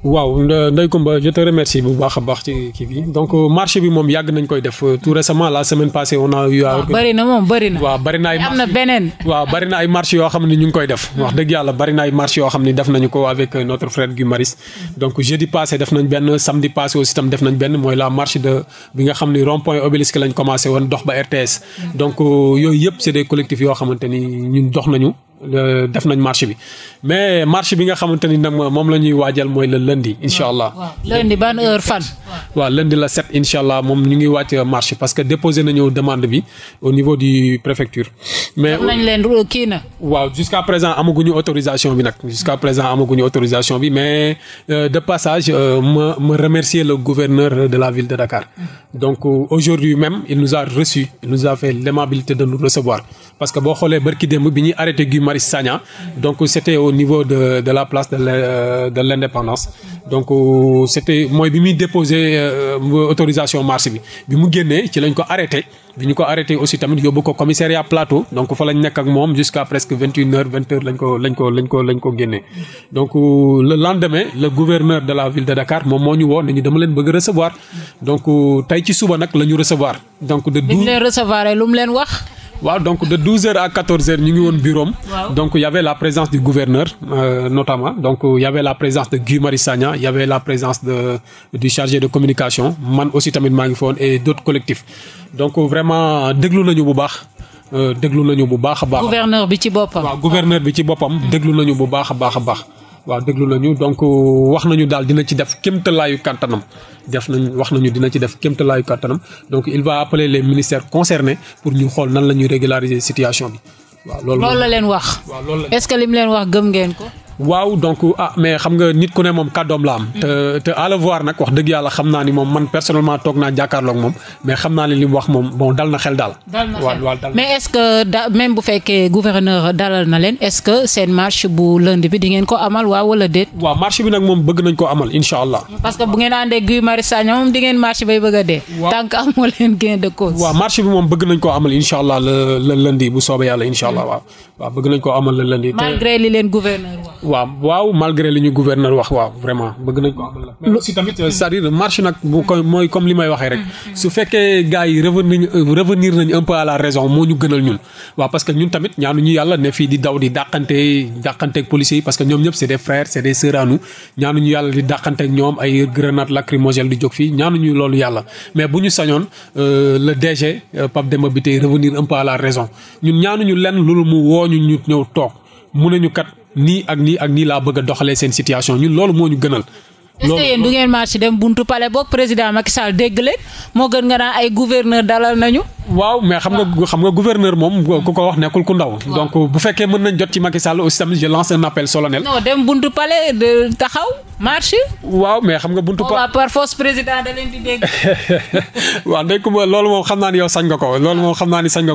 waaw Ndeye Comba je te remercie bu baax a baax ci kii bi donc euh, marché bi moom yàgg nañ koy def euh, tout récemment la semaine passée on a eu. waaw ah, bëri na moom bëri na. waaw bëri ay am marché yoo xam ne ñu ngi koy def. wax dëgg yàlla bëri na ay marché yoo xam ne def nañu ko avec euh, notre frère Guy Maris donc jeudi passé def nañ benn samedi passé aussi tam def nañ benn mooy la marche de bi nga xam ne rond point obélisque lañ commencé woon dox ba RTS. Mm. donc yooyu yëpp c' yoo xamante ni ñun dox nañu. def nañ marché bi mais marché bi nga xamante ni moom la ñuy waajal mooy le lundi incha allah. lundi ban heure fan. waaw lundi la set incha allah moom ñu ngi wàcc marché parce que déposé nañu demande bi au niveau du préfecture. mais def nañ leen kii na. waaw jusqu'à présent amaguñu autorisation bi nag. jusqu'à présent amaguñu autorisation bi mais euh, de passage euh, ma ma remercier le gouverneur de la ville de Dakar. donc euh, aujourd'hui même il nous a reçu il nous a fait l'amabilité de nous recevoir parce que boo xoolee barki démb bi ñuy arrêté Marius Sagna donc c'était au niveau de la place de euh, l'indépendance donc euh, c'était mooy bi muy déposé euh, autorisation marché bi bi mu génnee ci lañ ko arrêté bi ñu ko arrêté aussi tamit yóbbu ko commissariat plateau donc fa lañ nekk ak moom jusqu'à presque vingt une heures vingt heures lañ ko lañ ko ko lañ ko génnee donc le lendemain le gouverneur de la ville de Dakar moom moo ñu woo ne ñu dama leen bëgg recevoir donc tey ci suba nag la ñu recevoir donc de. bi leen recevoir lu mu leen waaw donc de 12 heures à 14 ñu ngi woon bureau donc y avait la présence du gouverneur euh, notamment donc y avait la présence de Guy Marius Sagna y la présence de du chargé de communication man aussi tamit maa ngi foon woon et d'autres collectifs donc vraiment déglu nañu bu baax euh, déglu nañu bu baax a baax. gouverneur bi ci boppam. waaw bi ci boppam déglu nañu bu baax a baax baax. waaw déglu nañu donc euh, wax nañu daal dina ci def kéemtalaayu kàttanam def nañ wax nañu dina ci def kéemtalaayu kàttanam donc il va appeler les ministères concernés pour ñu xool nan la ñuy régulariser situation bi waaw. loolu la leen wax. waaw loolu la leen wax gëm ngeen ko. waaw donc ah mais xam nga nit ku ne moom kàddoom la am. te te à wax dëgg yàlla xam naa ni moom man personnellement toog naa jàkkaarloog moom mais xam naa ne li mu wax moom bon dal na xel daal. mais est ce bu fekkee gouverneur dalal na leen est ce que seen marche bu lundi bi di ngeen ko amal waaw wala déet. waaw marche bi nag moom bëgg nañ ko amal incha allah. parce que bu ngeen àndee Guy Marius Sagna moom moom bëgg nañ koo amal incha allah le le lundi bu soobee yàlla incha allah waaw. bëgg nañ koo amal le lundi. malgré li leen gouverneur waaw waaw malgré li ñu wax waaw bëgg nañ ko amal la. mais euh, nag mooy comme li may waxee rek. Mm-hmm. su fekkee gars yi revenir revenir nañ un raison moo ñu gënal ñun. waaw parce que ñun tamit ñaanu ñu yàlla ne fii di daw di dàqante yi parce que ñoom ñëpp c'est des frères c'est des sœurs à ñaanu ñu yàlla di dàqanteeg ñoom ay grenade lacrymogène di jóg fii ñaanu ñu loolu yàlla. mais bu ñu sañoon euh, le DG euh, Pape Demba Bitèye revenir un peu la raison ñun ñaanuñu lenn loolu mu woo ñu ñëw nii ak nii ak nii laa bëgg a doxalee seen situation ñun loolu moo ñu gënal. loolu est-ce que yéen du ngeen dem buntu palais boog président Macky Sall dégg leen moo gën nga naan ay gouverneur dalal nañu. waaw mais xam nga xam nga gouverneur moom mm-hmm. ku ko wax nekkul ku ndaw. donc bu fekkee mën nañ jot ci Macky Sall aussi je lance un appel solennel. dem buntu palais taxaw marche. waaw mais xam nga buntu. palais par force président da leen di dégg. xam naa ni yow sañ nga xam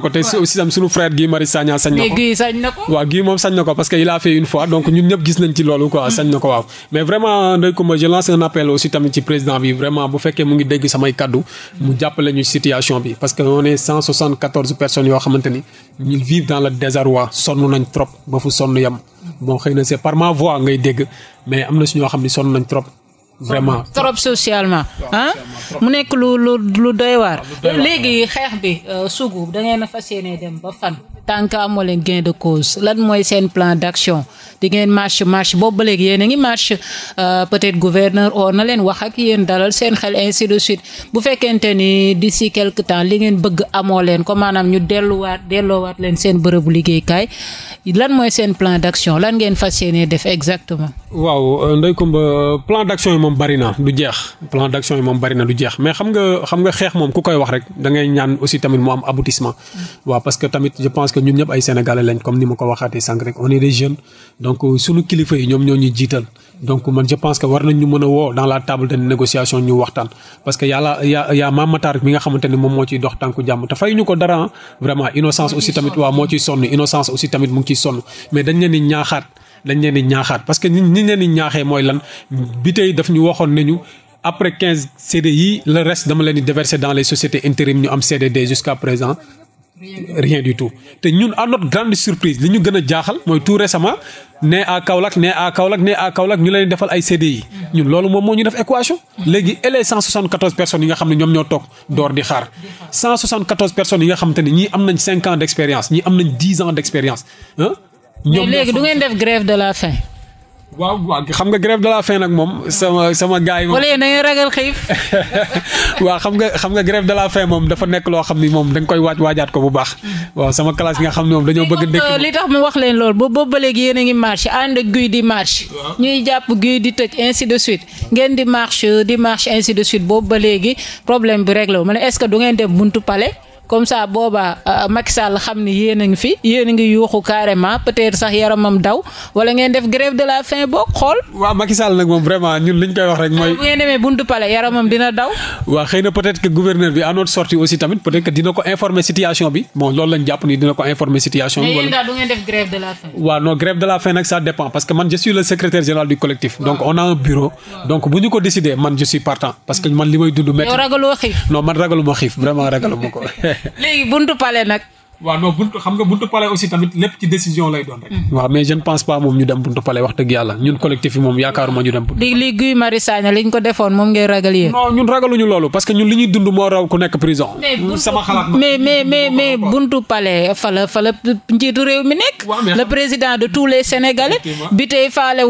na ko. ko. waaw Guy moom sañ na ko parce que il a fait une fois donc ñun ñëpp gis nañ ci loolu quoi sañ na ko waaw. Mm-hmm. mais vraiment ndey Kumba je lance un aussi tamit ci président bi vraiment bu fekkee mu ngi dégg samay kaddu mu jàppale situation bi cent soixante quatorze personnes yoo xamante ni ils vivent dans le désarroi sonn nañ trop ba fu sonn yem bon xëy na c'est par ma voix ngay dégg mais am na si ñoo xam ni sonn nañ trop. vraiment trop socialement ah mu nekk lu lu lu doy waar léegi xeex bi euh, sugu da ngeen a dem ba fan. tant que amoo leen gain de cause lan mooy seen plan d'action di ngeen marche marche boobu ba léegi yéen a ngi marche euh, peut-être gouverneur oo na leen wax ak yéen dalal seen xel ainsi de suite bu fekkente ni d'ici quelque temps li ngeen bëgg amoo leen ko maanaam ñu delluwaat delloowaat leen seen liggéey kaay lan mooy seen plan d'action lan ngeen fas yéenee def exactement. waaw euh, Ndeye Comba euh, plan d'action yi moom bari na du jeex plan d'action yi moom bari na du jeex mais xam nga xam nga xeex moom ku koy wax rek da ngay ñaan aussi tamit mu am parce que ñun ñëpp ay sénégalais lañ comme ni ma ko waxaatee sànq rek on est donc euh, suñu kilifa yi ñoom ñoo ñu jiital donc man je pense war nañ mën a woo dans la table négociation ñu waxtaan parce que yàlla yaa yaa mamataar mi nga xamante ne moom moo ciy dox tànku jàmm te fay ñu ko dara vraiment innocence aussi tamit waa moo sonn innocence aussi tamit mu ngi ciy sonn mais dañ leen ñaaxaat parce que ni ñu ñaaxee mooy lan bi tey ñu waxoon nañu après rien du tout te ñun à notre grande surprise li ñu gën a jaaxal mooy tout récemment nee à Kaolack nee à Kaolack nee à Kaolack ñu leen defal ay CDI ñun loolu moom moo ñu def équation léegi et les 174 personnes yi nga xam ne ñoom ñoo toog door di xaar 174 personnes yi nga xam te ne ñii am nañ 5 ans d' expérience ñii am nañ 10 ans d' expérience du ngeen def grève de la faim. waaw waaw xam nga grève de la faim nag moom sama sama gars yi moom. wala yéen ragal xiif. waaw xam nga xam nga grève de la faim moom dafa nekk loo xam ni moom dañ koy waaj waajaat ko bu baax. waaw sama classe yi nga xam ne moom dañoo bëgg. dëkk li tax mu wax leen lool ba boobu ba léegi yéen ngi marché ànd ak guy di marche. ñuy jàpp guy di tëj ainsi de suite. ngeen di marche di marche ainsi de suite boobu ba léegi problème bi réglé wu ma ne est du ngeen dem buntu pale comme ça booba euh, Macky Sall xam ni yéen a ngi fi yéen a ngi yuuxu carrément peut-être sax yaramam daw wala ngeen def grève de la faim boog xool. waaw Macky nag moom vraiment ñun liñ koy wax rek mooy. Euh, bu ngeen demee buntu pale yaramam dina daw. waaw xëy na peut-être bi à notre aussi tamit peut dina ko informer situation bi bon loolu lañ jàpp ni dina ko informer situation bi. mais yéen daal du ngeen def grève de la faim. waaw non donc a un bu ñu li may dund métti. yow ragaloo xiif non léegi buntu pale nag waaw non buntu mais je ne moom ñu dem buntu palais wax dëgg ñun collectif bi moom yaakaaruma ñu dem. li li Guy Marius Sagna liñ moom ngay ragal yéen. non buntu palais fa la njiitu réew mi nekk. le président de tous les sénégalais. bitey faale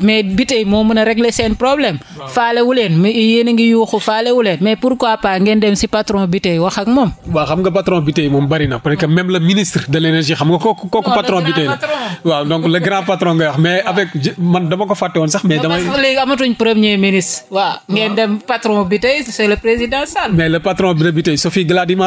mais bitey moo mën a régler seen problème. faale wu leen mais yéen ngi yuuxu faale mais pourquoi pas ngeen dem si patron bitey wax moom. waaw xam nga patron bitey moom bari c'est-à-dire que même ministre de l'énergie xam nga kooku patron bi tey waaw donc le grand patron nga wax mais avec man dama ko fàtte woon sax mais dama léegi amatuñ premier ministre waaw ngeen dem patron bi tey c'est le président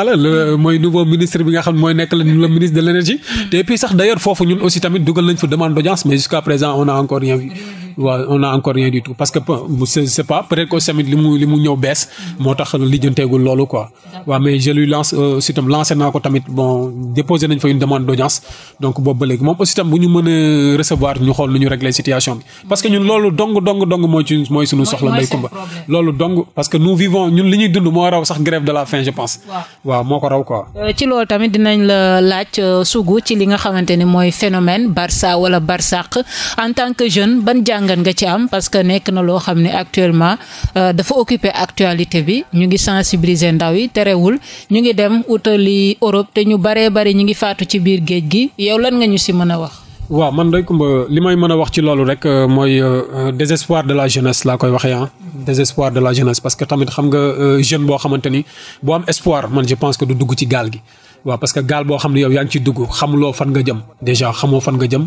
la hmm. mooy nouveau ministre bi nga xam mooy nekk le ministre de l'énergie hmm. te puis sax d'ailleurs foofu ñun aussi tamit dugal nañ fa demande d'audience mais jusqu'à présent on a encore rien vu waaw on a encore rien du tout parce que c'est pas peut-être que tamit li mu li mu ñëw bees moo tax lijjanteegul loolu quoi waaw mais je lui lance euh, aussi tam lancé naa ko tamit bon déposé fa ñu a xool nu ñu régler situation bi mm-hmm. parce que ñun loolu dong dong dong mooy suñu soxla Ndeye Comba loolu dong parce que nous vivons ñun li ñuy dund moo raw sax grève de la faim je pense waaw moo ko raw quoi euh, ci loolu tamit dinañ la laaj euh, sugu ci li nga xamante ni mooy jàngat nga ci am parce que nekk na loo xam ne actuellement euh, dafa occupe actualité bi ñu ngi sensibiliser ndaw yi terewul ñu ngi dem utali Europe te ñu baree bari ñu ngi faatu ci biir géej gi yow lan nga ñu si mën a wax. waaw man day Kumba li may mën a wax ci loolu rek euh, mooy euh, désespoir de la jeunesse laa koy waxee ah. désespoir de la jeunesse parce que tamit xam nga jeune boo xamante ni boo am espoir man je pense que du dugg ci gaal gi. waaw parce que gaal boo xam ne yow yaa ngi ci dugg xamuloo fan nga jëm déjà xamoo fan nga jëm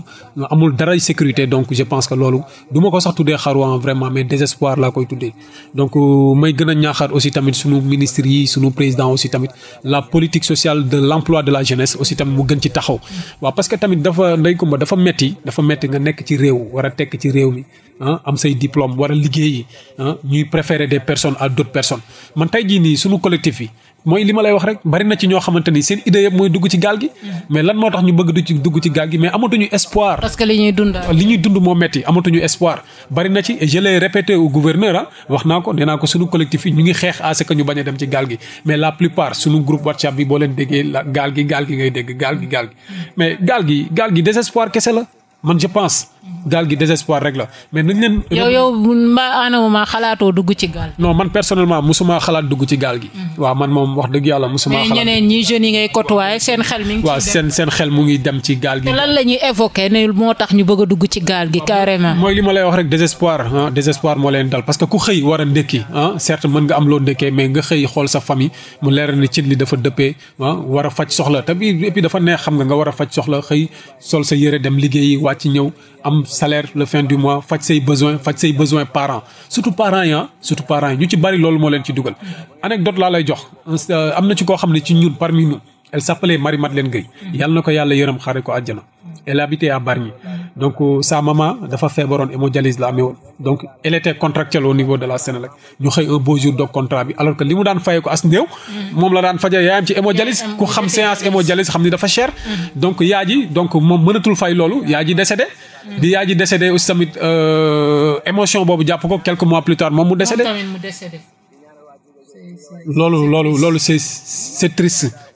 amul daray sécurité donc je pense que loolu duma ko sax tuddee xaruwaan vraiment mais désespoir laa koy tuddee. donc euh, may gën a ñaaxaat aussi tamit suñu ministre yi suñu président aussi tamit la politique sociale de l'emploi de la jeunesse aussi tamit mu gën ci taxaw waaw parce que tamit dafa ndey kumba dafa metti dafa metti nga nekk ci réew war tekk ci réew mi. ah am say diplôme war a liggéeyi ah, ñuy préférer des personnes à d'autres personnes man tey jii nii sunu mooy li wax rek bari ci ñoo xamante seen idée yëpp mooy dugg ci gaal gi. Mm-hmm. mais lan moo tax ñu bëgg dugg ci gaal gi mais amatuñu espoir. parce ci je répété au gouverneur ah wax naa ko nee ko suñu collectif yi ñu ngi xeex à ñu bañ a dem ci gaal gi mais la plupart suñu groupe WhatsApp boo leen déggee gaal gi gaal gi ngay dégg gaal gi gaal gi mm-hmm. mais gaal gi gaal gi désespoir kese la man je gaal gi désespoir rek la mais nañ leen. yow yow mbaa anawuma xalaatoo dugg ci gaal. non man personnel personnellement musuma xalaat dugg ci gaal gi. Mm. waaw man moom wax dëgg yàlla musuma. xalaat mais ñeneen ñi jeunes yi ngay seen xel mi seen seen xel mu ngi dem ci gaal gi. te la ñuy évoquer ne moo tax ñu bëgg dugg ci gaal gi carrément. mooy li ma lay wax rek désespoir ah désespoir moo leen dal parce que ku xëy wara a ndékki ah certes mën nga am loo ndékkee mais nga xëy xool sa famille mu leer ni cin li dafa dëppee ah war a faj soxla te et dafa neex xam nga nga war a faj soxla xëy sol sa yére dem liggéeyi wàcc ñëw am salaire le fin du mois faj say besoin faj say besoin parents surtout parents yi ah, surtout parents yi ñu ci bari loolu moo leen ci dugal anecdote laa lay jox euh, am na ci koo xam ne ci ñun parmi nous elle s'appelait Marie-Madeleine Gueye yàlla na ko yàlla yërëm xare ko àjjana elle habitait à Bargny donc euh, sa maman dafa feebaroon hémodialyse la amee woon donc elle était contractuelle au niveau de la Sénélec ñu xëy un beau jour dog contrat li mu daan fayee ko moom la daan faja yaayam ci hémodialyse ku xam séance hémodialyse xam ni dafa cher donc yaa ji donc moom mënatul fay loolu yaa ji décédé di yaa ji décédé tamit euh, émotion boobu jàpp ko quelques mois plus tard moom mu décédé loolu loolu loolu c'est c'est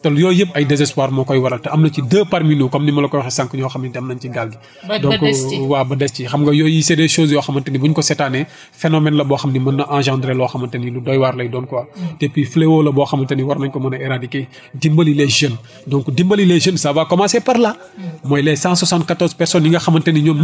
te yooyu yëpp ay désespoir moo koy waral te am na ci deux parmi nous comme ni ma la ko waxee ñoo xam ne dem nañ ci gaal gi. donc waaw ba des ci xam nga yooyu c'est des choses yoo xamante ni ko seetaanee phénomène la boo xam ni mën na engendrer loo xamante lu doy waar lay doon quoi. Mm. te puis fléau la boo xamante war nañ ko mën a éradiquer dimbali les jeunes donc dimbali les jeunes ça va commencer par là. Mm. mooy les personnes yi nga xamante ñoom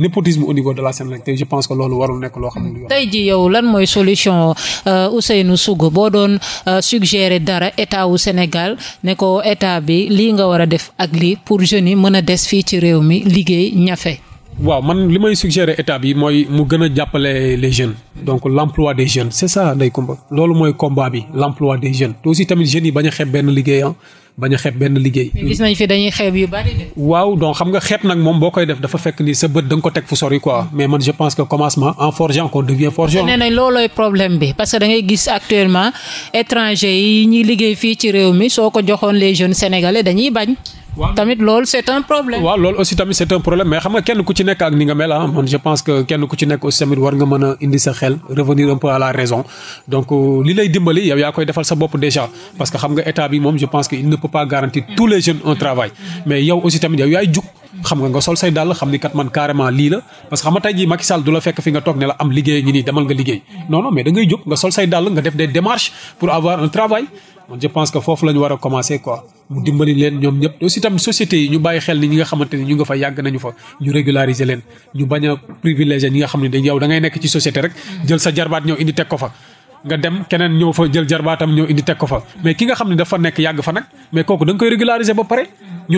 ñëpp népotisme au de la Senelec te je pense que loolu warul nekk loo xam ne. tey ji yow lan mooy solution euh, Ousseynou Sougou boo doon euh, suggérer dara état wu Sénégal ne ko état bi lii nga war a def ak lii pour jeunes yi mën a des fii ci réew mi liggéey ñafe. waaw man li may suggérer état bi mooy mu gën a jàppale les jeunes donc l' emploi des jeunes c' est ça Ndeye Comba loolu mooy combat bi l' emploi des jeunes te aussi tamit jeune yi bañ a benn liggéey ah bañ benn liggéey. gis nañ fi dañuy xeeb yu bari waaw donc xam nga xeeb nag moom boo koy def dafa fekk ni sa bët da ko teg fu sori quoi mais man je pense que commencement en forgeant qu'on devient forgeron. nee nañ loolooy problème bi parce que da ngay gis actuellement étranger yi ñuy liggéey fii ci réew mi soo ko joxoon les jeunes sénégalais dañuy bañ. tamit loolu c' est problème. waaw loolu aussi tamit c' est un problème mais xam nga kenn ku ci nekk ak ni nga mel ah man je pense que kenn ku ci nekk aussi tamit nga mën a indi sa xel revenir un peu à la raison donc euh, li lay dimbali yow yaa koy defal sa bopp déjà parce que xam nga état bi moom je pense que il ne peut pas tous les jeunes un travail mais yow aussi tamit yow yaay jug. xam nga nga sol say xam ni kat man carrément lii la parce que xam nga tey jii Macky Sall du la fekk fi nga toog ne la am liggéey ngi nii demal nga liggéey non non man foofu la war a commencer quoi mu dimbali leen ñoom ñëpp aussi tam sociétés yi ñu bàyyi xel ni ñi nga xamante ñu nga fa yàgg nañu fa ñu régulariser leen ñu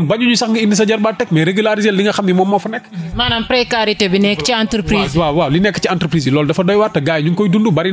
bañ sax nga indi sa jarbaat teg mais régulariser li nga xam ne moom moo fa nekk. maanaam précarité bi nekk ci entreprise. waaw waaw li nekk ci entreprise loolu dafa doy waar te ñu ngi koy dund bari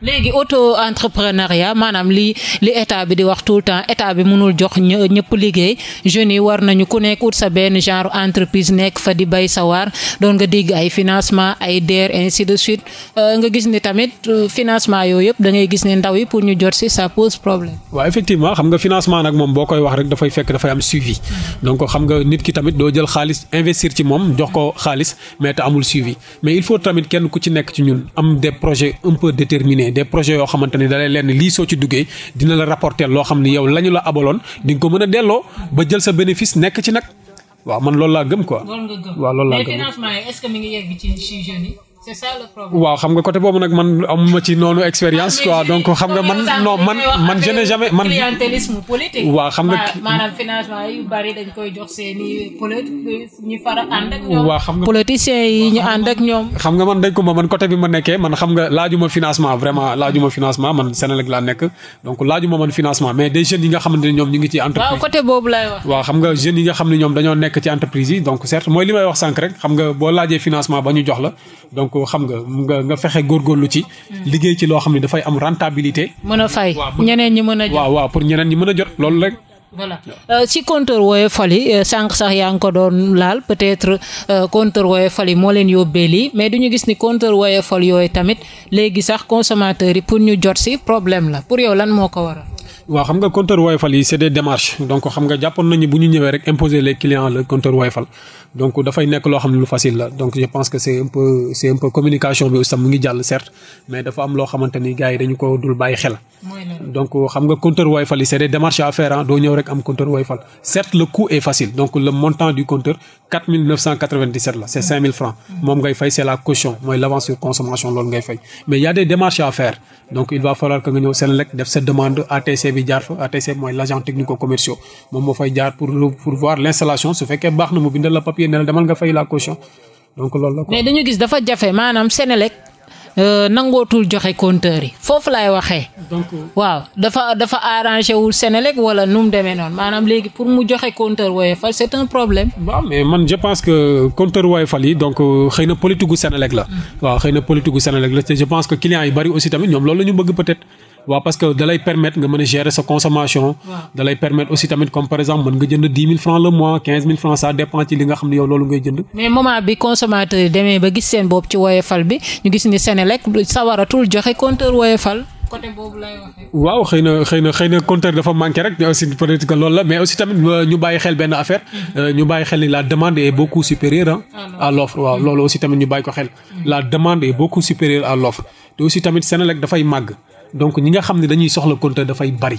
léegi auto entrepreneuriat maanaam li li état bi di wax tout le temps état bi mënul jox ñëpp liggéey jeunes yi war nañu ku nekk ut sa benn genre entreprise nekk fa di bay sawar doon nga dégg ay financement ay DER ainsi de suite euh, nga gis ni tamit euh, financement yooyu yëpp da ngay gis ne ndaw yi pour ñu jot si ça pose problème. waaw effectivement xam nga financement nag moom boo koy wax rek dafay fekk dafay am suivi mm-hmm. donc xam nga nit ki tamit doo jël xaalis investir ci moom jox ko mm-hmm. xaalis mais te amul suivi mais il faut tamit kenn ku ci nekk ci ñun am de projet un peu déterminés. ne des projets yoo xamante ni da lay leen lii soo ci duggee dina la rapporter loo xam ni yow la la abaloon di ko mën a delloo ba jël sa bénéfice nekk ci nag waaw man loolu laa gëm quoi. waaw loolu laa gëm mais c'est ça waaw xam nga côté boobu nag man amuma ci noonu expérience ah, quoi xam nga man non man man je man clientélisme politique. waaw xam nga maanaam financement yu bari dañ koy jox seeni ñi fara ànd ak ñoom. waaw xam nga politiciens yi ñu ànd ak ñoom. xam nga man dañ ko ma man côté bi ma nekkee man xam nga laajuma financement vraiment laajuma financement man Senelec laa nekk donc laajuma man financement mais des jeunes yi nga xamante ne ñoom ñu ngi ci entreprise. waaw côté boobu laay yi ne ñoom dañoo nekk ci entreprise yi donc certes mooy li may wax sànq rek xam nga boo laajee financement ba ñu jox la xam nga nga nga fexe góorgóorlu ci. Mm. liggéey ci loo xam ne dafay am rentabilité. mën a fay ñeneen ñi mën a jot waaw pour ñeneen ñi mën a jot loolu rek. voilà euh, ci compteur Woyofal yi euh, sànq sax yaa ngi ko doon laal peut-être euh, compteur Woyofal yi moo leen yóbbee lii mais du ñu gis ni compteur Woyofal yooyu tamit léegi sax consommateurs yi pour ñu jot si problème la pour yow lan moo ko waral. waaw xam nga compteur Woyofal yi c'est des démarches donc xam nga jàppoon nañu bu ñu ñëwee rek imposer les clients le compteur Woyofal donc dafay nekk loo xam ne lu facile la donc je pense que c'est un peu communication bi aussi mu ngi jàll certes mais dafa am loo xamante ni dañu ko dul bàyyi xel. donc xam nga compteur Woyofal yi c'est des démarches donc il va falloir que nga ñëw Senelec def sa demande ATC bi jaar fa ATC mooy l'agent technico-commercial moom moo fay jaar pour voir l'installation su fekkee baax na mu bindal la papier papier ne la demal nga fay la caution donc loolu la. mais dañu gis dafa jafe maanaam Sénélec euh, nangootul joxe compteur yi foofu laay waxee. waaw dafa dafa arrangé wul Sénélec wala nu mu demee noonu maanaam léegi pour mu joxe compteur Woyofal c' est un problème. waaw mais man je pense que compteur Woyofal yi donc euh, xëy na politique gu la. Mm. waaw xëy na politique gu la te je que clients yi bari aussi tamit ñoom loolu ñu bëgg peut waaw parce que da lay permettre nga mën a gérer sa consommation. da lay permettre aussi tamit comme par exemple mën nga jënd dix mille francs le mois quinze mille francs ça dépend ci li nga xam ne yow loolu ngay jënd. mais moment bi consommateur yi demee ba gis seen bopp ci woyofal bi ñu gis ni Senelec sawaratul joxe compteur woyofal. waaw xëy na xëy na xëy na compteur dafa manqué rek aussi peut être mais aussi tamit euh, ñu bàyyi xel benn affaire. Mm-hmm. Euh, ñu bàyyi xel ni la demande est beaucoup supérieure ah, à l'offre waaw loolu aussi tamit ñu bàyyi ko xel. Mm-hmm. la demande est beaucoup supérieure à l'offre te aussi tamit Senelec dafay màgg. donc ñi nga xam ne dañuy soxla compteur dafay bari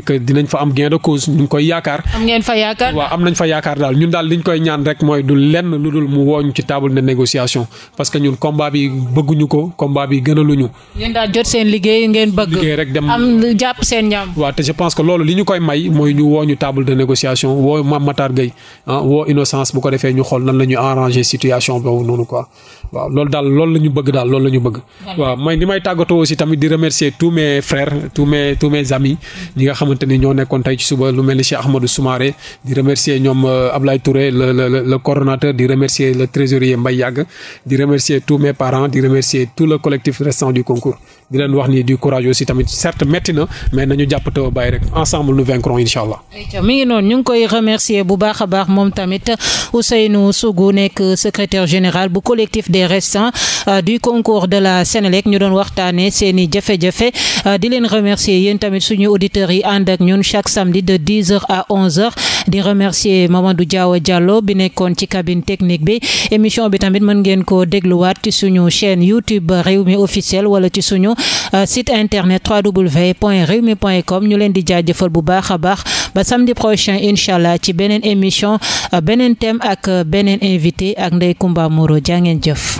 et que dinañ fa am gain de cause ñu ngi koy yaakaar. am am nañ fa yaakaar daal ñun daal liñ koy ñaan rek mooy du lenn lu dul mu wooñu ci table de négociation parce que ñun combat bi bëgguñu ko combat bi gënaluñu. jot seen liggéey ngeen bëgg. am jàpp seen ñam. waaw te je pense que loolu li ñu koy may mooy ñu wooñu table de négociation woo Mame Matar ah, woo Innocence bu ko defee ñu xool nan la ñuy situation boobu noonu quoi waaw loolu daal loolu la bëgg daal xamante ni ñoo nekkoon tey ci suba lu mel ni Cheikh Ahmadou Soumaré di remercier ñoom euh, Ablaye Touré le le le coordonnateur di remercier le trésorier Mbaye Yàgg di remercier tous mes parents di remercier tout le collectif restant du concours di leen wax ni du courage aussi tamit certes métti na mais nañu jàpp taw bàyyi rek ensemble nous vaincrons incha allah. mi ngi noonu ñu ngi koy remercier bu baax a baax moom tamit Ousseynou Sougou nekk secretaire général bu collectif des restants euh, du concours de la Sénélec ñu doon waxtaanee seen i jafe-jafe euh, di leen remercier yéen tamit suñu auditeurs yi ànd ak ñun chaque samedi de 10h à 11h di remercier Mamadou Diaw Diallo bi nekkoon ci cabine technique bi émission bi tamit mën ngeen ko dégluwaat ci suñu chaîne YouTube Rewmi officiel wala ci suñu. Euh, site internet www.rewmi.com ñu leen di jaajëfal bu baax a baax ba samedi prochain incha allah ci beneen émission euh, beneen thème ak euh, beneen invité ak Ndeye Comba Moreau jaa jëf.